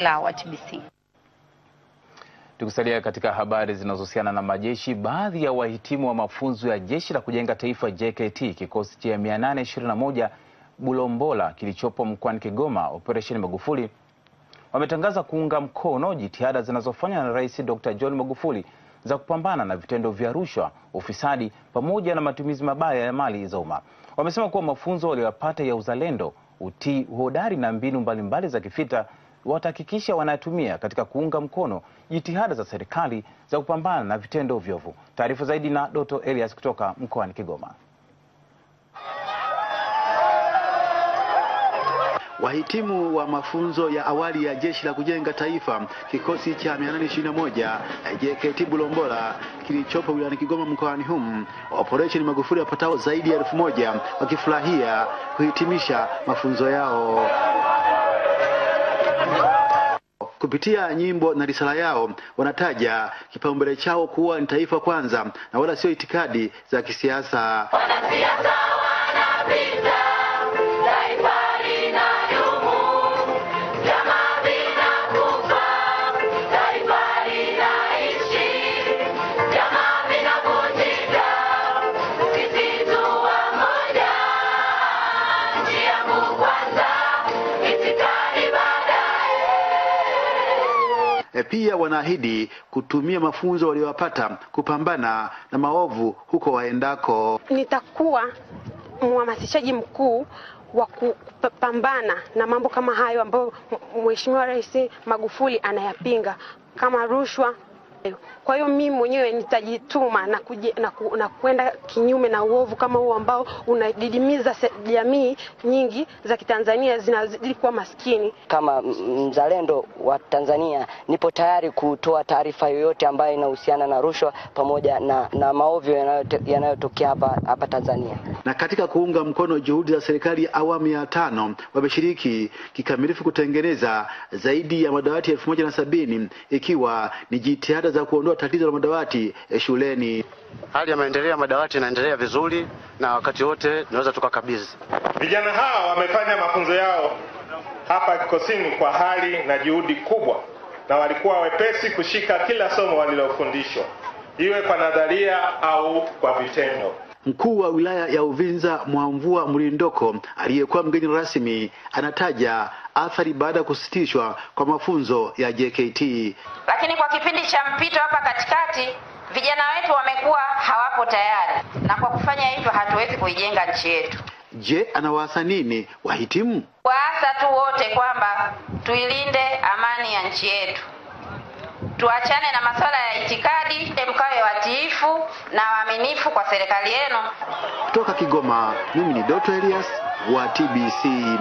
la WTBC. Tukisalia katika habari zinazohusiana na majeshi, baadhi ya wahitimu wa mafunzo ya jeshi la kujenga taifa JKT kikosi cha 821 Bulombola kilichopo mkoani Kigoma, operesheni Magufuli, wametangaza kuunga mkono jitihada zinazofanywa na Rais Dr. John Magufuli za kupambana na vitendo vya rushwa, ufisadi pamoja na matumizi mabaya ya mali za umma. Wamesema kuwa mafunzo waliyopata ya uzalendo, utii, uhodari na mbinu mbalimbali za kivita watahakikisha wanayotumia katika kuunga mkono jitihada za serikali za kupambana na vitendo vyovu Taarifa zaidi na Doto Elias kutoka mkoani Kigoma. Wahitimu wa mafunzo ya awali ya Jeshi la Kujenga Taifa kikosi cha 821 JKT Bulombola kilichopo wilayani Kigoma mkoani humu operesheni Magufuli wapatao zaidi ya elfu moja wakifurahia kuhitimisha mafunzo yao kupitia nyimbo na risala yao wanataja kipaumbele chao kuwa ni taifa kwanza na wala sio itikadi za kisiasa. Wanasiasa wanapinga E, pia wanaahidi kutumia mafunzo waliyopata kupambana na maovu huko waendako. Nitakuwa mhamasishaji mkuu wa kupambana na mambo kama hayo ambayo Mheshimiwa Rais Magufuli anayapinga kama rushwa, kwa hiyo mimi mwenyewe nitajituma na, kuje, na, ku, na kinyume na uovu kama huu ambao unadidimiza jamii nyingi za Kitanzania zinazidi kuwa maskini. Kama mzalendo wa Tanzania, nipo tayari kutoa taarifa yoyote ambayo inahusiana na rushwa pamoja na, na maovyo yanayotokea hapa hapa Tanzania. Na katika kuunga mkono juhudi za serikali ya awamu ya tano, wameshiriki kikamilifu kutengeneza zaidi ya madawati elfu moja na sabini ikiwa ni jitihada jitihada za kuondoa tatizo la madawati eh, shuleni. Hali ya maendeleo ya madawati inaendelea vizuri na wakati wote tunaweza tukakabidhi. Vijana hawa wamefanya mafunzo yao hapa Kikosini kwa hali na juhudi kubwa, na walikuwa wepesi kushika kila somo walilofundishwa iwe kwa nadharia au kwa vitendo. Mkuu wa wilaya ya Uvinza Mwamvua Mlindoko aliyekuwa mgeni rasmi anataja athari baada ya kusitishwa kwa mafunzo ya JKT. Lakini kwa kipindi cha mpito hapa katikati, vijana wetu wamekuwa hawapo tayari, na kwa kufanya hivyo hatuwezi kuijenga nchi yetu. Je, anawaasa nini wahitimu? Waasa tu wote kwamba tuilinde amani ya nchi yetu. Tuachane na masuala ya itikadi, mkawe watiifu na waaminifu kwa serikali yenu. Kutoka Kigoma, mimi ni Dr. Elias wa TBC.